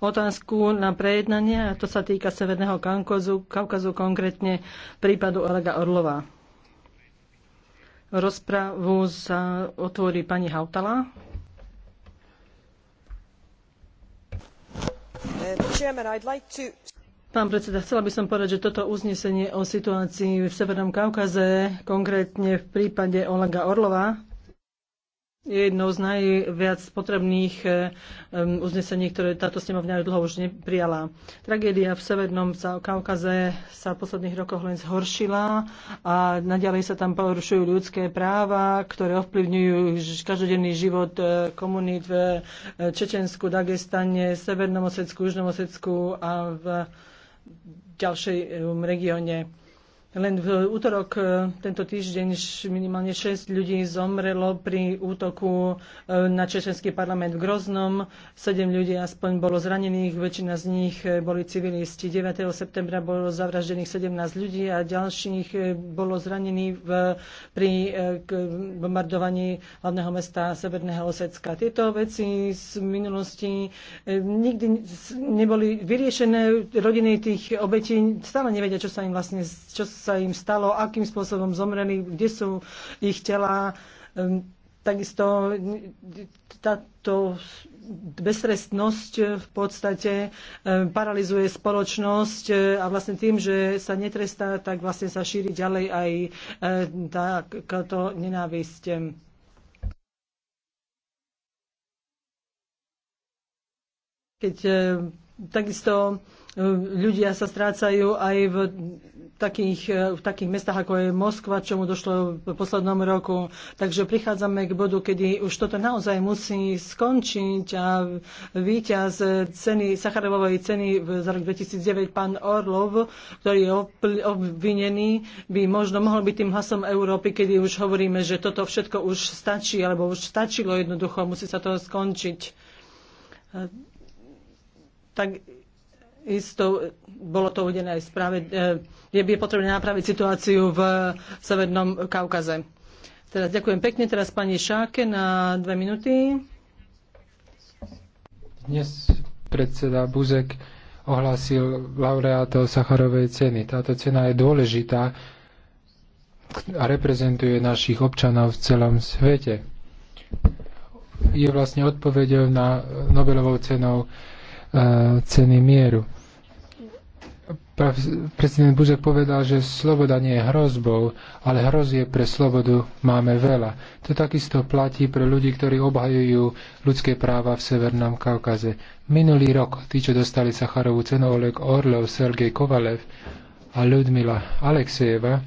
otázku na prejednanie a to sa týka Severného Kaukazu, Kaukazu konkrétne prípadu Olega Orlova. Rozpravu sa otvorí pani Hautala. Uh, Pán predseda, chcela by som povedať, že toto uznesenie o situácii v Severnom Kaukaze, konkrétne v prípade Olega Orlova, je jednou z najviac potrebných eh, uznesení, ktoré táto snemovňa dlho už neprijala. Tragédia v Severnom Kaukaze sa v posledných rokoch len zhoršila a naďalej sa tam porušujú ľudské práva, ktoré ovplyvňujú každodenný život eh, komunít v eh, Čečensku, Dagestane, Severnom Osecku, Južnom Osecku a v ďalšej regióne len v útorok e, tento týždeň minimálne 6 ľudí zomrelo pri útoku e, na čečenský parlament v Groznom. 7 ľudí aspoň bolo zranených, väčšina z nich e, boli civilisti. 9. septembra bolo zavraždených 17 ľudí a ďalších bolo zranených v, pri bombardovaní hlavného mesta Severného Osecka. Tieto veci z minulosti nikdy neboli vyriešené. Rodiny tých obetí stále nevedia, čo sa im vlastne čo sa im stalo, akým spôsobom zomreli, kde sú ich tela. Takisto e, táto bezrestnosť v podstate e, paralizuje spoločnosť e, a vlastne tým, že sa netrestá, tak vlastne sa šíri ďalej aj táto nenávisť. Keď takisto ľudia sa strácajú aj v takých, e, v takých mestách, ako je Moskva, mu došlo v poslednom roku. Takže prichádzame k bodu, kedy už toto naozaj musí skončiť a víťaz ceny, Sacharovovej ceny za rok 2009, pán Orlov, ktorý je obvinený, by možno mohol byť tým hlasom Európy, kedy už hovoríme, že toto všetko už stačí, alebo už stačilo jednoducho, musí sa to skončiť. E, tak isto bolo to uvedené aj správe, e, je, je potrebné napraviť situáciu v Severnom Kaukaze. Teraz ďakujem pekne. Teraz pani Šáke na dve minúty. Dnes predseda Buzek ohlásil laureátov Sacharovej ceny. Táto cena je dôležitá a reprezentuje našich občanov v celom svete. Je vlastne odpovedou na Nobelovou cenou ceny mieru. Prezident Buzek povedal, že sloboda nie je hrozbou, ale hrozie pre slobodu máme veľa. To takisto platí pre ľudí, ktorí obhajujú ľudské práva v Severnom Kaukaze. Minulý rok tí, čo dostali Sacharovú cenu Oleg Orlov, Sergej Kovalev a Ludmila Alexejeva,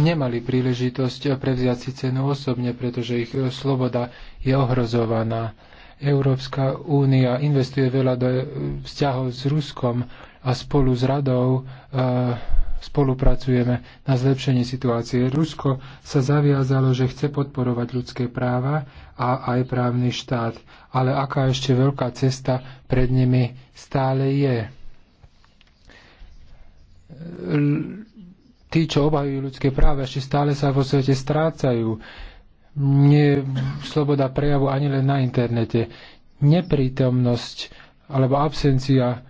nemali príležitosť prevziať si cenu osobne, pretože ich sloboda je ohrozovaná Európska únia investuje veľa do eh, vzťahov s Ruskom a spolu s Radou eh, spolupracujeme na zlepšení situácie. Rusko sa zaviazalo, že chce podporovať ľudské práva a aj právny štát, ale aká ešte veľká cesta pred nimi stále je. Tí, čo obhajujú ľudské práva, ešte stále sa vo svete strácajú nie sloboda prejavu ani len na internete. Neprítomnosť alebo absencia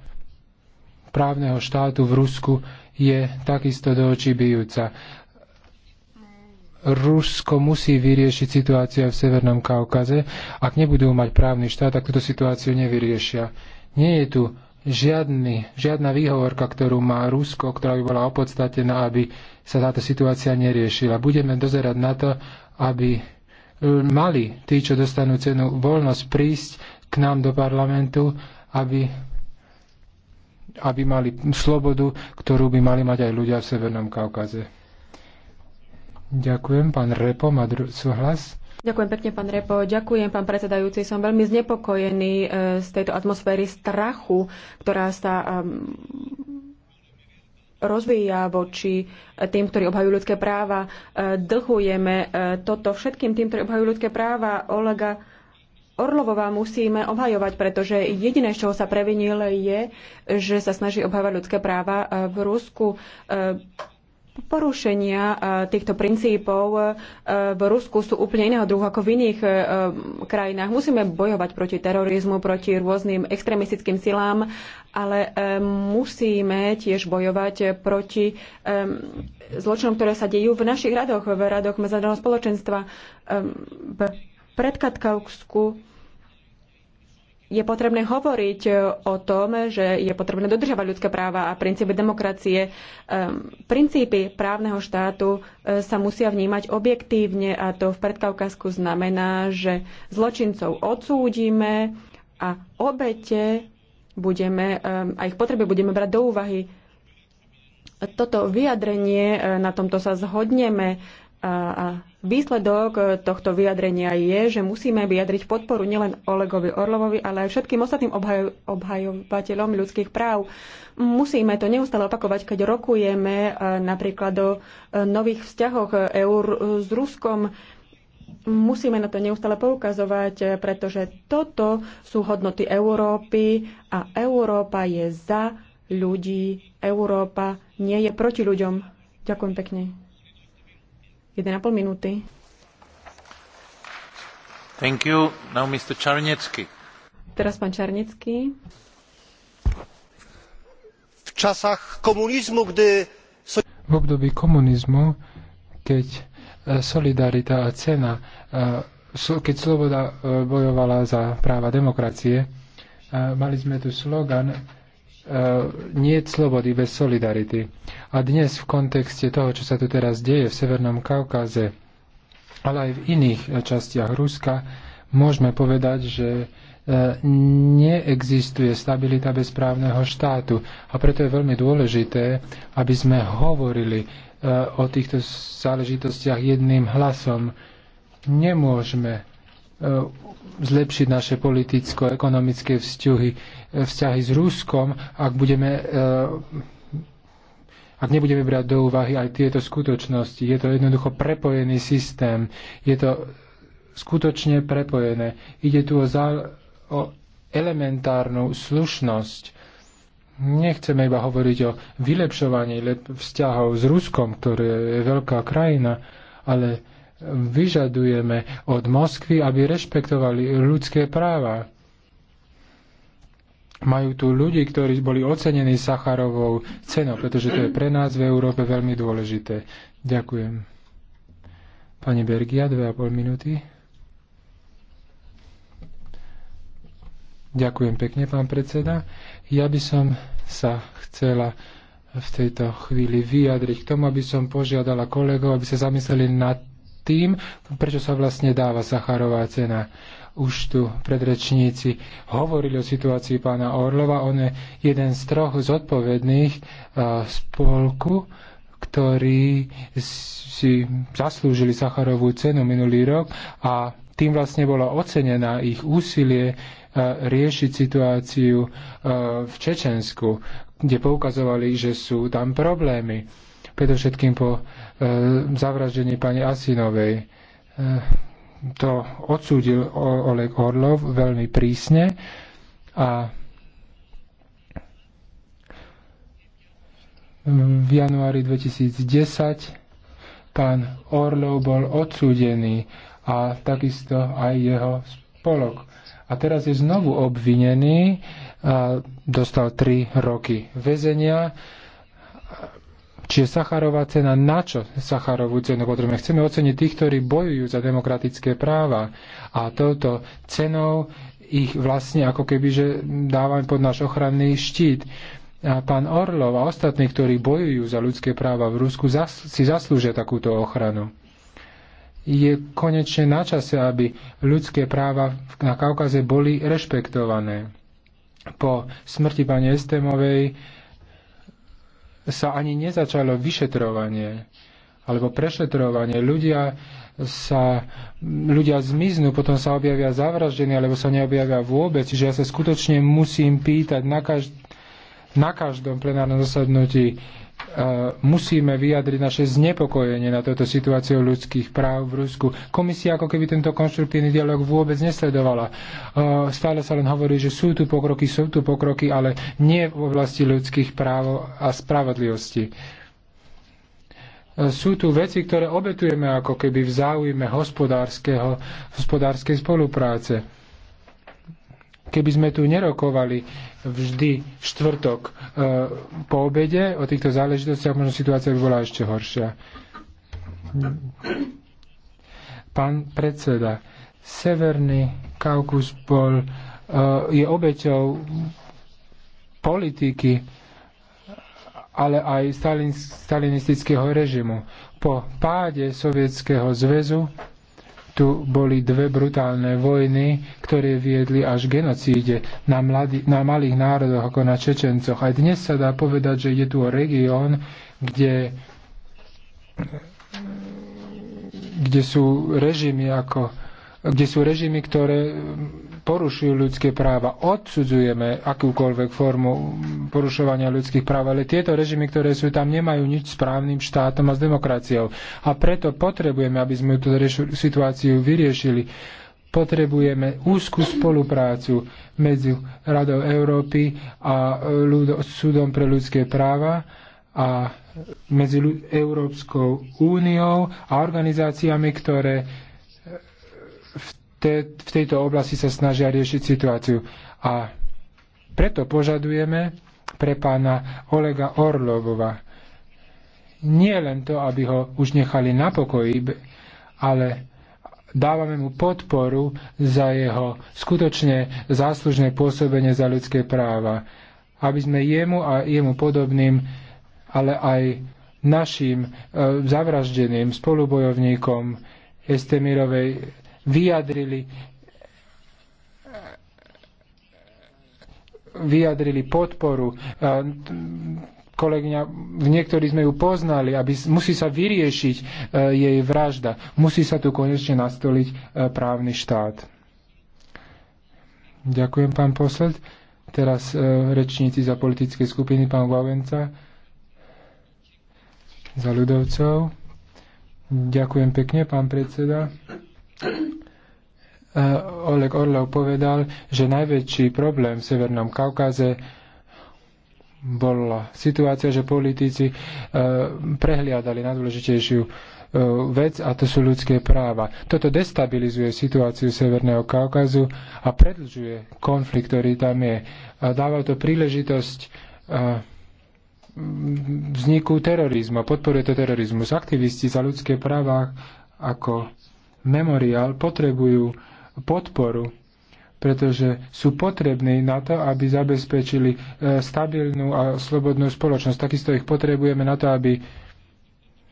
právneho štátu v Rusku je takisto do očí bijúca. Rusko musí vyriešiť situáciu v Severnom Kaukaze. Ak nebudú mať právny štát, tak túto situáciu nevyriešia. Nie je tu žiadny, žiadna výhovorka, ktorú má Rusko, ktorá by bola opodstatená, aby sa táto situácia neriešila. Budeme dozerať na to, aby e, mali tí, čo dostanú cenu voľnosť, prísť k nám do parlamentu, aby, aby mali slobodu, ktorú by mali mať aj ľudia v Severnom Kaukaze. Ďakujem. Pán Repo má súhlas. Ďakujem pekne, pán Repo. Ďakujem, pán predsedajúci. Som veľmi znepokojený e, z tejto atmosféry strachu, ktorá sa rozvíja voči tým, ktorí obhajujú ľudské práva. E, dlhujeme e, toto všetkým tým, ktorí obhajujú ľudské práva. Olega Orlovová musíme obhajovať, pretože jediné, z čoho sa previnil, je, že sa snaží obhajovať ľudské práva e, v Rusku. Porušenia e, týchto princípov e, v Rusku sú úplne iného druhu ako v iných e, krajinách. Musíme bojovať proti terorizmu, proti rôznym extremistickým silám, ale musíme tiež bojovať proti zločinom, ktoré sa dejú v našich radoch, v radoch medzinárodného spoločenstva. V predkatkavsku je potrebné hovoriť e, o tom, že je potrebné dodržovať ľudské práva a princípy demokracie. Princípy právneho štátu e, sa musia vnímať objektívne a to v predkaukazku znamená, že zločincov odsúdime a obete budeme, a ich potreby budeme brať do úvahy. Toto vyjadrenie, e, na tomto sa zhodneme, a výsledok e, tohto vyjadrenia je, že musíme vyjadriť podporu nielen Olegovi Orlovovi, ale aj všetkým ostatným obhaj- obhajovateľom ľudských práv. Musíme to neustále opakovať, keď rokujeme e, napríklad o e, nových vzťahoch EUR s Ruskom. Musíme na to neustále poukazovať, pretože toto sú hodnoty Európy a Európa je za ľudí. Európa nie je proti ľuďom. Ďakujem pekne. 1,5 minúty. Thank you. Now Mr. Čarnecký. Teraz pán Čarnecký. V časách komunizmu, kdy... V období komunizmu, keď e, solidarita a cena, e, keď sloboda e, bojovala za práva demokracie, mali sme tu slogan nie slobody bez solidarity. A dnes v kontexte toho, čo sa tu teraz deje v Severnom Kaukaze, ale aj v iných e, častiach Ruska, môžeme povedať, že e, neexistuje stabilita bez právneho štátu. A preto je veľmi dôležité, aby sme hovorili e, o týchto záležitostiach jedným hlasom. Nemôžeme zlepšiť naše politicko-ekonomické vzťahy, vzťahy s Ruskom, ak budeme ak nebudeme brať do úvahy aj tieto skutočnosti. Je to jednoducho prepojený systém. Je to skutočne prepojené. Ide tu o, zá, o elementárnu slušnosť. Nechceme iba hovoriť o vylepšovaní vzťahov s Ruskom, ktoré je veľká krajina, ale vyžadujeme od Moskvy, aby rešpektovali ľudské práva majú tu ľudí, ktorí boli ocenení Sacharovou cenou, pretože to je pre nás v Európe veľmi dôležité. Ďakujem. Pani Bergia, dve a pol minúty. Ďakujem pekne, pán predseda. Ja by som sa chcela v tejto chvíli vyjadriť k tomu, aby som požiadala kolegov, aby sa zamysleli nad tým, prečo sa vlastne dáva Sacharová cena už tu predrečníci hovorili o situácii pána Orlova. On je jeden z troch zodpovedných e, spolku, ktorí si zaslúžili Sacharovú cenu minulý rok a tým vlastne bolo ocenená ich úsilie e, riešiť situáciu e, v Čečensku, kde poukazovali, že sú tam problémy. Predovšetkým po zavraždení pani Asinovej to odsúdil Oleg Orlov veľmi prísne a v januári 2010 pán Orlov bol odsúdený a takisto aj jeho spolok. A teraz je znovu obvinený a dostal 3 roky vezenia. Čiže Sacharová cena, na čo Sacharovú cenu potrebujeme? Chceme oceniť tých, ktorí bojujú za demokratické práva a touto cenou ich vlastne ako keby, že dávame pod náš ochranný štít. A pán Orlov a ostatní, ktorí bojujú za ľudské práva v Rusku, zas, si zaslúžia takúto ochranu. Je konečne na čase, aby ľudské práva na Kaukaze boli rešpektované. Po smrti pani Estemovej sa ani nezačalo vyšetrovanie alebo prešetrovanie. Ľudia sa, ľudia zmiznú, potom sa objavia zavraždení, alebo sa neobjavia vôbec. Čiže ja sa skutočne musím pýtať na, každ- na každom plenárnom zasadnutí, musíme vyjadriť naše znepokojenie na toto situáciu ľudských práv v Rusku. Komisia ako keby tento konštruktívny dialog vôbec nesledovala. Stále sa len hovorí, že sú tu pokroky, sú tu pokroky, ale nie v oblasti ľudských práv a spravodlivosti sú tu veci, ktoré obetujeme ako keby v záujme hospodárskej spolupráce. Keby sme tu nerokovali vždy štvrtok e, po obede o týchto záležitostiach, možno situácia by bola ešte horšia. Pán predseda, Severný Kaukus bol, e, je obeťou politiky, ale aj stalin, stalinistického režimu. Po páde Sovietskeho zväzu tu boli dve brutálne vojny, ktoré viedli až genocíde na, mladí, na malých národoch ako na Čečencoch. Aj dnes sa dá povedať, že je tu o región, kde, kde sú režimy ako kde sú režimy, ktoré porušujú ľudské práva. Odsudzujeme akúkoľvek formu porušovania ľudských práv, ale tieto režimy, ktoré sú tam, nemajú nič s právnym štátom a s demokraciou. A preto potrebujeme, aby sme túto situáciu vyriešili. Potrebujeme úzkú spoluprácu medzi Radou Európy a e, súdom pre ľudské práva a medzi Európskou úniou a organizáciami, ktoré te, v tejto oblasti sa snažia riešiť situáciu. A preto požadujeme pre pána Olega Orlovova nie len to, aby ho už nechali na pokoji, ale dávame mu podporu za jeho skutočne záslužné pôsobenie za ľudské práva. Aby sme jemu a jemu podobným, ale aj našim e, zavraždeným spolubojovníkom Estemirovej vyjadrili vyjadrili podporu. Kolegyňa, niektorí sme ju poznali, aby musí sa vyriešiť e, jej vražda. Musí sa tu konečne nastoliť e, právny štát. Ďakujem, pán posled. Teraz e, rečníci za politické skupiny, pán Vavenca, za ľudovcov. Ďakujem pekne, pán predseda. Eh, Oleg Orlov povedal, že najväčší problém v Severnom Kaukaze bola situácia, že politici eh, prehliadali najdôležitejšiu eh, vec a to sú ľudské práva. Toto destabilizuje situáciu Severného Kaukazu a predlžuje konflikt, ktorý tam je. A dáva to príležitosť vzniku terorizmu, podporuje to terorizmus. Aktivisti za ľudské práva ako memoriál potrebujú podporu, pretože sú potrební na to, aby zabezpečili e, stabilnú a slobodnú spoločnosť. Takisto ich potrebujeme na to, aby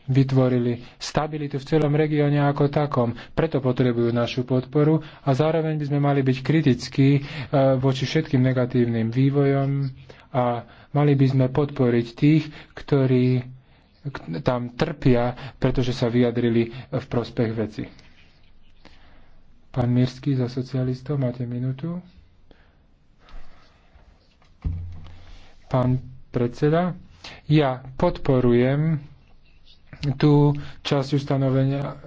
vytvorili stabilitu v celom regióne ako takom. Preto potrebujú našu podporu a zároveň by sme mali byť kritickí e, voči všetkým negatívnym vývojom a mali by sme podporiť tých, ktorí tam trpia, pretože sa vyjadrili v prospech veci. Pán Mirsky za socialistov, máte minútu. Pán predseda, ja podporujem tú časť ustanovenia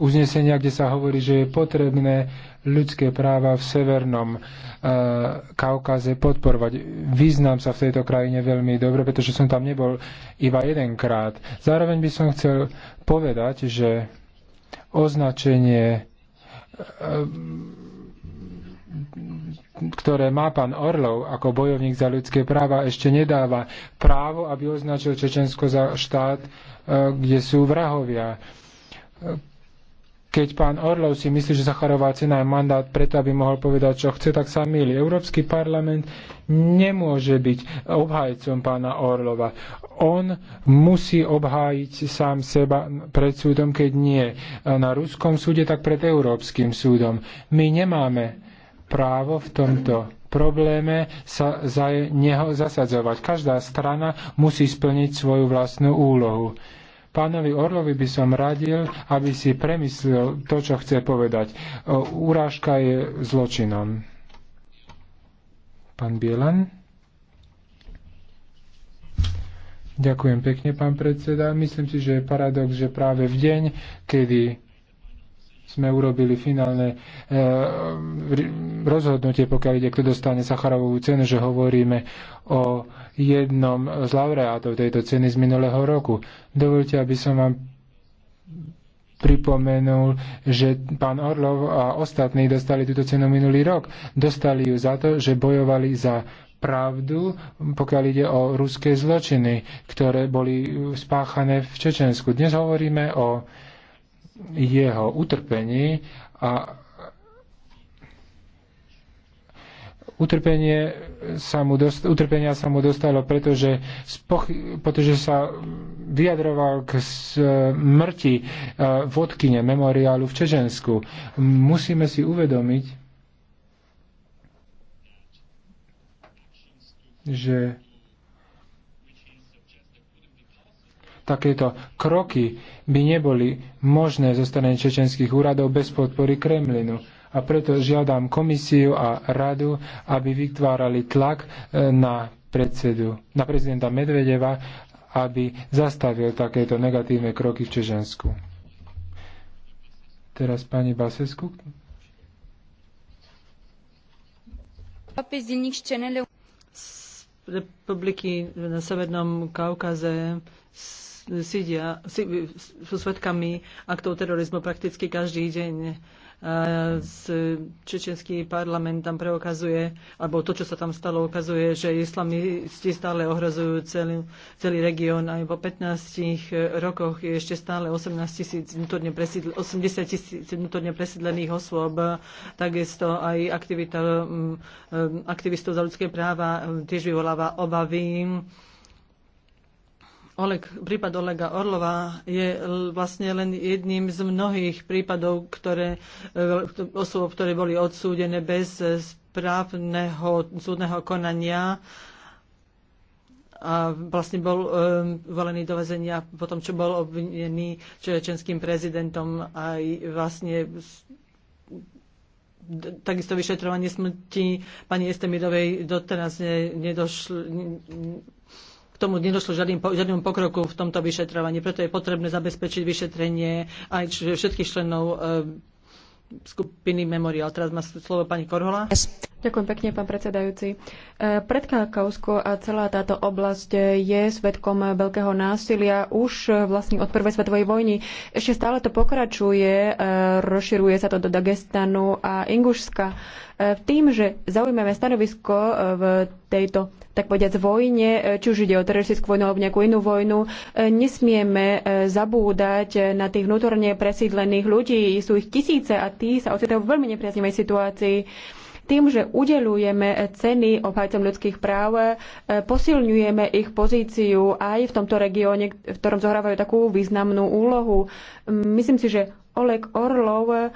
uznesenia, kde sa hovorí, že je potrebné ľudské práva v Severnom e, Kaukaze podporovať. Význam sa v tejto krajine veľmi dobre, pretože som tam nebol iba jedenkrát. Zároveň by som chcel povedať, že označenie Ehm, ktoré má pán Orlov ako bojovník za ľudské práva, ešte nedáva právo, aby označil Čečensko za štát, eh, kde sú vrahovia. Keď pán Orlov si myslí, že Zacharová cena je mandát preto, aby mohol povedať, čo chce, tak sa milí. Európsky parlament nemôže byť obhajcom pána Orlova. On musí obhájiť sám seba pred súdom, keď nie na ruskom súde, tak pred Európskym súdom. My nemáme právo v tomto probléme sa za neho zasadzovať. Každá strana musí splniť svoju vlastnú úlohu. Pánovi Orlovi by som radil, aby si premyslel to, čo chce povedať. Urážka je zločinom. Pán Bielan? Ďakujem pekne, pán predseda. Myslím si, že je paradox, že práve v deň, kedy sme urobili finálne e, rozhodnutie, pokiaľ ide, kto dostane Sacharovú cenu, že hovoríme o jednom z laureátov tejto ceny z minulého roku. Dovolte, aby som vám pripomenul, že pán Orlov a ostatní dostali túto cenu minulý rok. Dostali ju za to, že bojovali za pravdu, pokiaľ ide o ruské zločiny, ktoré boli spáchané v Čečensku. Dnes hovoríme o jeho utrpení a utrpenie sa mu dost, utrpenia sa mu dostalo, pretože, spoch, pretože sa vyjadroval k smrti e, vodkyne memoriálu v Čežensku. Musíme si uvedomiť, že takéto kroky by neboli možné zo strany čečenských úradov bez podpory Kremlinu. A preto žiadam komisiu a radu, aby vytvárali tlak e, na, predsedu, na prezidenta Medvedeva, aby zastavil takéto negatívne kroky v Čežensku. Teraz pani Basescu. republiky na Severnom Kaukaze sí sú svetkami aktov terorizmu prakticky každý deň. Čečenský parlament tam preukazuje, alebo to, čo sa tam stalo, ukazuje, že islamisti stále ohrozujú celý, celý región. Aj po 15 e, rokoch je ešte stále 18 tisíc vnútorne 80 tisíc vnútorne presídlených osôb. Takisto aj aktivita, aktivistov za ľudské práva tiež vyvoláva obavy Oleg, prípad Olega Orlova je vlastne len jedným z mnohých prípadov, ktoré, e, osôb, ktoré boli odsúdené bez e, správneho súdneho konania a vlastne bol um, volený do vezenia po tom, čo bol obvinený čečenským prezidentom aj vlastne takisto vyšetrovanie smrti pani Estemirovej doteraz nedošlo, tomu nedošlo žiadnym, žiadnym pokroku v tomto vyšetrovaní. Preto je potrebné zabezpečiť vyšetrenie aj všetkých členov eh, skupiny Memorial. Teraz má slovo pani Korhola. Ďakujem pekne, pán predsedajúci. Eh, pred a celá táto oblasť je svetkom veľkého násilia už eh, vlastne od prvej svetovej vojny. Ešte stále to pokračuje, rozširuje sa to do Dagestanu a Ingušska tým, že zaujímame stanovisko e, v tejto tak povediať vojne, e, či už ide o teroristickú vojnu alebo nejakú inú vojnu, e, nesmieme zabúdať na tých vnútorne presídlených ľudí. Sú ich tisíce a tí sa ocitajú v veľmi nepriaznivej situácii tým, že udelujeme ceny obhajcom ľudských práv, posilňujeme ich pozíciu aj v tomto regióne, v ktorom zohrávajú takú významnú úlohu. Myslím si, že Oleg Orlov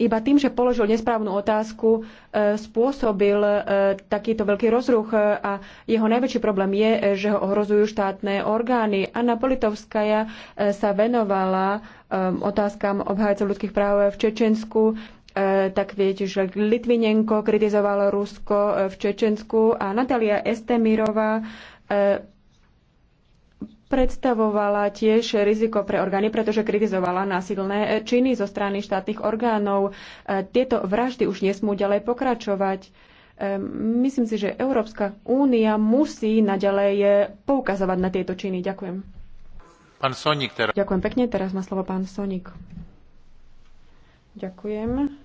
iba tým, že položil nesprávnu otázku, e, spôsobil e, takýto veľký rozruch e, a jeho najväčší problém je, že ho ohrozujú štátne orgány. Anna Politovskaja sa venovala otázkam obhajcov ľudských práv v Čečensku, tak viete, že Litvinenko kritizovalo Rusko v Čečensku a Natalia Estemirova predstavovala tiež riziko pre orgány, pretože kritizovala násilné činy zo strany štátnych orgánov. E, tieto vraždy už nesmú ďalej pokračovať. E, myslím si, že Európska únia musí naďalej e, poukazovať na tieto činy. Ďakujem. Pán Sonik teraz. Ďakujem pekne. Teraz má slovo pán Sonik. Ďakujem.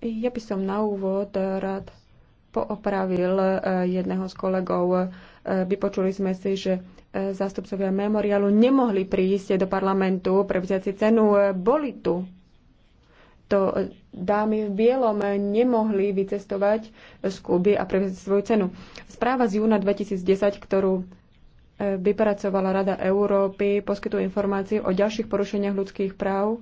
Ja by som na úvod rád poopravil jedného z kolegov Vypočuli sme si, že e, zástupcovia memoriálu nemohli prísť do parlamentu pre vziaci cenu. Boli tu. To e, dámy v bielom nemohli vycestovať z Kuby a prevziať svoju cenu. Správa z júna 2010, ktorú e, vypracovala Rada Európy, poskytuje informácie o ďalších porušeniach ľudských práv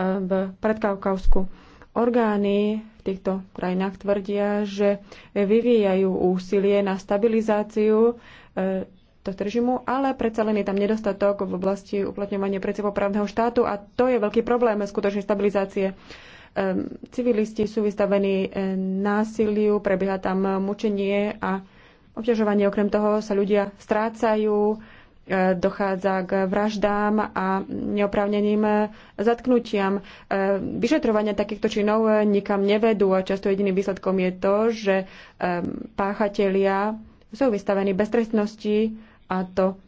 v Predkaukausku. Orgány v týchto krajinách tvrdia, že vyvíjajú úsilie na stabilizáciu e, tohto režimu, ale predsa len je tam nedostatok v oblasti uplatňovania princípov právneho štátu a to je veľký problém skutočnej stabilizácie. E, civilisti sú vystavení e, násiliu, prebieha tam mučenie a obťažovanie. Okrem toho sa ľudia strácajú, E, dochádza k vraždám a neoprávneným zatknutiam. E, vyšetrovania takýchto činov nikam nevedú a často jediným výsledkom je to, že e, páchatelia sú vystavení beztrestnosti a to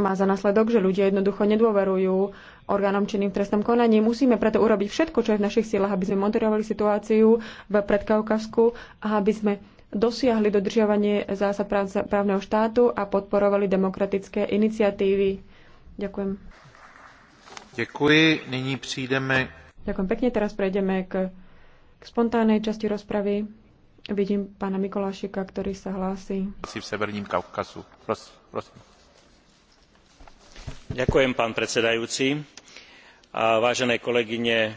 má za následok, že ľudia jednoducho nedôverujú orgánom činným trestom trestnom konaní. Musíme preto urobiť všetko, čo je v našich silách, aby sme monitorovali situáciu v predkaukavsku a aby sme dosiahli dodržiavanie zásad právneho štátu a podporovali demokratické iniciatívy. Ďakujem. Ďakujem. Nyní prídeme... Ďakujem pekne. Teraz prejdeme k, k spontánnej časti rozpravy. Vidím pána Mikolášika, ktorý sa hlási. Si v Severním Kaukazu. Pros, prosím. Ďakujem, pán predsedajúci. A vážené kolegyne,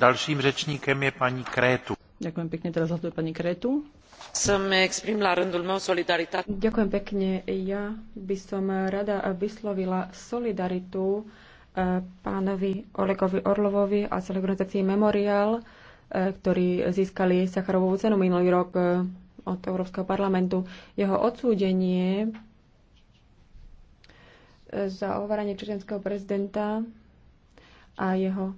Ďalším rečníkem je pani Krétu. Ďakujem pekne, teraz hlasuje pani Krétu. Som eh, exprim la rândul meu solidaritate. Ďakujem pekne. Ja by som eh, rada eh, vyslovila solidaritu pánovi Olegovi Orlovovi a celej Memorial, ktorí získali Sacharovú cenu minulý rok od Európskeho parlamentu. Jeho odsúdenie za ováranie čečenského prezidenta a jeho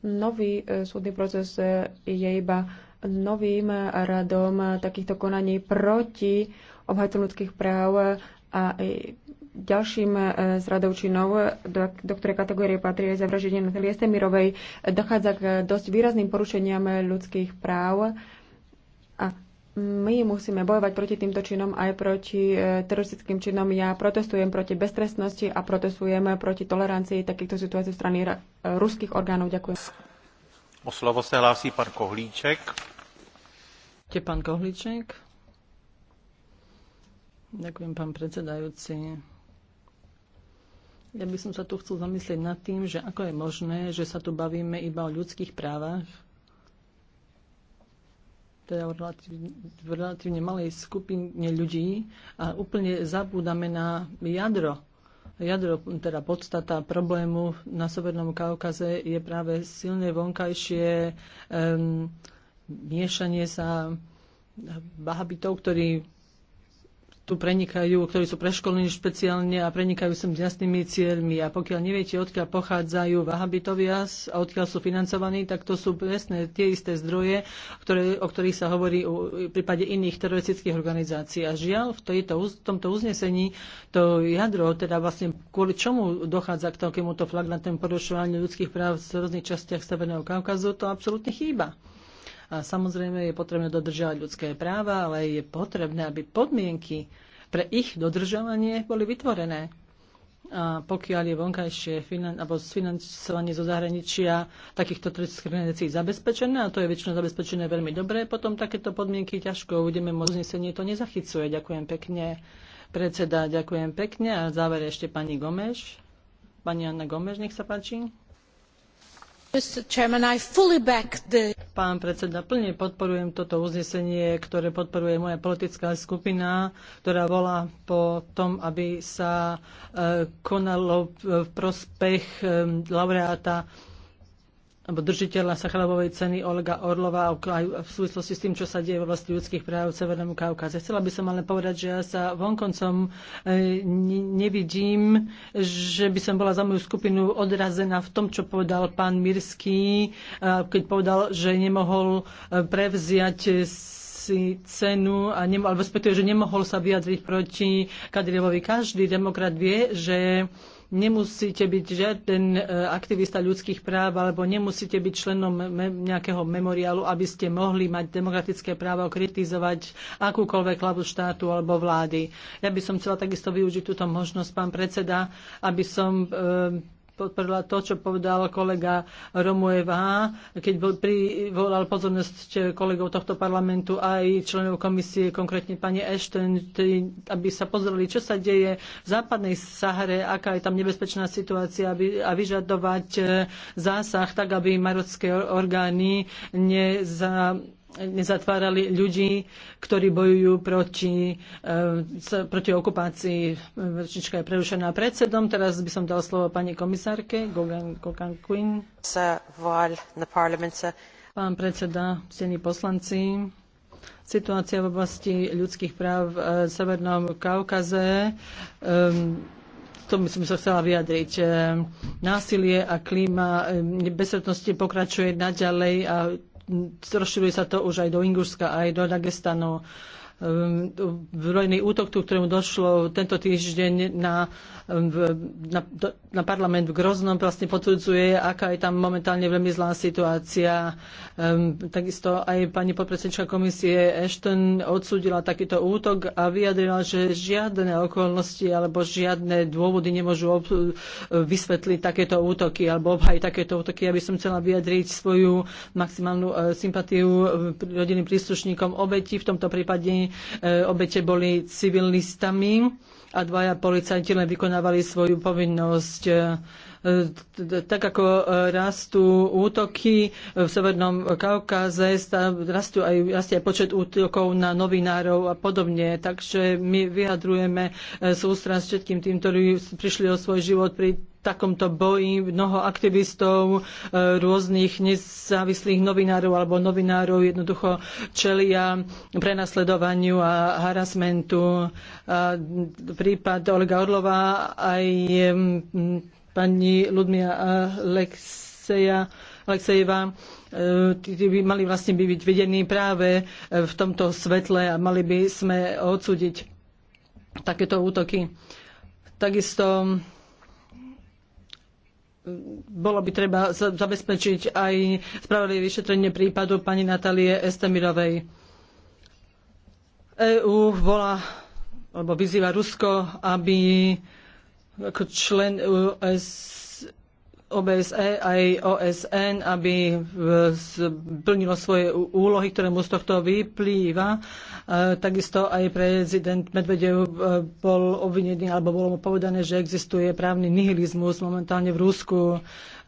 Nový e, súdny proces e, je iba novým radom e, takýchto konaní proti obhajcom ľudských práv a ďalším z radov činov, do, do ktorej kategórie patrí aj zavraždenie Natalie mirovej, dochádza k dosť výrazným porušeniam ľudských práv a my musíme bojovať proti týmto činom aj proti e, teroristickým činom. Ja protestujem proti beztrestnosti a protestujem proti tolerancii takýchto situácií strany e, ruských orgánov. Ďakujem. O slovo sa hlásí pán Kohlíček. Te pán Kohlíček. Ďakujem, pán predsedajúci. Ja by som sa tu chcel zamyslieť nad tým, že ako je možné, že sa tu bavíme iba o ľudských právach, teda v relatívne malej skupine ľudí a úplne zabúdame na jadro. Jadro, teda podstata problému na Severnom Kaukaze je práve silné vonkajšie um, miešanie sa bahabitov, ktorí tu prenikajú, ktorí sú preškolení špeciálne a prenikajú sem s jasnými cieľmi. A pokiaľ neviete, odkiaľ pochádzajú vahabitovia a odkiaľ sú financovaní, tak to sú presne tie isté zdroje, ktoré, o ktorých sa hovorí v prípade iných teroristických organizácií. A žiaľ, v, tejto, v tomto uznesení to jadro, teda vlastne kvôli čomu dochádza k takémuto flagrantnému porušovaniu ľudských práv v rôznych častiach Severného Kaukazu, to absolútne chýba. A samozrejme je potrebné dodržiavať ľudské práva, ale je potrebné, aby podmienky pre ich dodržovanie boli vytvorené. A pokiaľ je vonkajšie finan- alebo financovanie zo zahraničia takýchto diskriminácií zabezpečené, a to je väčšinou zabezpečené veľmi dobre, potom takéto podmienky ťažko budeme môcť znesenie to nezachycuje. Ďakujem pekne, predseda, ďakujem pekne a záver ešte pani Gomeš. Pani Anna Gomeš, nech sa páči. Mr. Chairman, I fully back the... Pán predseda, plne podporujem toto uznesenie, ktoré podporuje moja politická skupina, ktorá volá po tom, aby sa e, konalo v prospech e, laureáta alebo držiteľa Sacharovej ceny Olga Orlova aj v súvislosti s tým, čo sa deje v oblasti ľudských práv v Severnom Kaukaze. Chcela by som ale povedať, že ja sa vonkoncom e, nevidím, že by som bola za moju skupinu odrazená v tom, čo povedal pán Mirský, e, keď povedal, že nemohol e, prevziať si cenu, a nemo, alebo spätuje, že nemohol sa vyjadriť proti Kadirovovi. Každý demokrat vie, že nemusíte byť žiaden e, aktivista ľudských práv alebo nemusíte byť členom nejakého memoriálu, aby ste mohli mať demokratické právo kritizovať akúkoľvek hlavu štátu alebo vlády. Ja by som chcela takisto využiť túto možnosť, pán predseda, aby som e, podporila to, čo povedal kolega Romueva, keď bol, privolal pozornosť kolegov tohto parlamentu aj členov komisie, konkrétne pani Ashton, aby sa pozreli, čo sa deje v západnej Sahare, aká je tam nebezpečná situácia aby, a vyžadovať e, zásah tak, aby marocké orgány neza nezatvárali ľudí, ktorí bojujú proti, eh, proti okupácii. Vrčička je prerušená predsedom. Teraz by som dal slovo pani komisárke Gogan, Gogan Quinn. Pán predseda, cení poslanci, situácia v oblasti ľudských práv eh, v Severnom Kaukaze um, tomu som sa chcela vyjadriť. Eh, násilie a klíma bezsvetnosti pokračuje naďalej a rozširuje sa to už aj do Ingurska, aj do Dagestanu. Vrojný útok, ktorému došlo tento týždeň na na, na parlament v Groznom vlastne potvrdzuje, aká je tam momentálne veľmi zlá situácia. Um, takisto aj pani podpredsednička komisie Ashton odsúdila takýto útok a vyjadrila, že žiadne okolnosti alebo žiadne dôvody nemôžu ob- vysvetliť takéto útoky alebo obhajiť takéto útoky. Ja by som chcela vyjadriť svoju maximálnu e, sympatiu rodinným príslušníkom obeti. V tomto prípade e, obete boli civilistami a dvaja policajti len vykonali vykonávali svoju povinnosť E, tak ako e, rastú útoky v Severnom Kaukáze, rastú aj, rastie aj počet útokov na novinárov a podobne. Takže my vyjadrujeme e, sústrasť všetkým tým, ktorí prišli o svoj život pri takomto boji mnoho aktivistov, rôznych nezávislých novinárov alebo novinárov jednoducho čelia prenasledovaniu a harasmentu. Prípad Olga Orlova aj pani Ludmia Alexeja, Alexejeva e, tí by mali vlastne by byť vedení práve e, v tomto svetle a mali by sme odsúdiť takéto útoky. Takisto mm, bolo by treba zabezpečiť aj spravodlivé vyšetrenie prípadu pani Natalie Estemirovej. EÚ volá alebo vyzýva Rusko, aby ako člen OBSE aj OSN, aby e, plnilo svoje úlohy, ktoré mu z tohto vyplýva. E, takisto aj prezident Medvedev e, bol obvinený, alebo bolo mu povedané, že existuje právny nihilizmus momentálne v Rusku.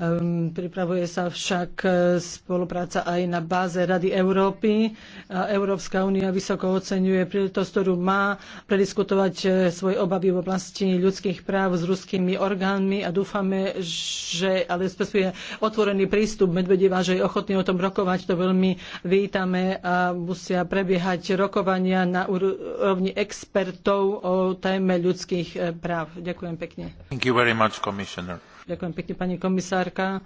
Ehm, pripravuje sa však e, spolupráca aj na báze Rady Európy. Európska únia vysoko oceňuje príležitosť, ktorú má prediskutovať e, svoje obavy v oblasti ľudských práv s ruskými orgánmi a dúfame, že ale spesuje otvorený prístup Medvedeva, že je ochotný o tom rokovať. To veľmi vítame a musia prebiehať rokovania na úrovni expertov o téme ľudských e, práv. Ďakujem pekne. Thank you very much, Commissioner. Ďakujem pekne, pani komisárka.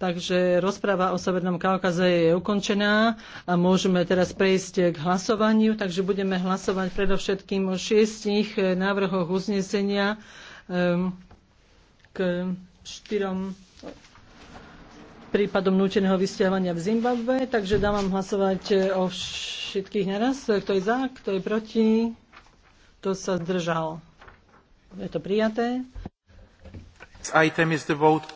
Takže rozpráva o Severnom Kaukaze je ukončená a môžeme teraz prejsť k hlasovaniu. Takže budeme hlasovať predovšetkým o šiestich návrhoch uznesenia ehm, k štyrom prípadom núteného vysťahovania v Zimbabve. Takže dávam hlasovať o všetkých naraz. Kto je za, kto je proti, kto sa zdržal. Je to prijaté. Item is the vote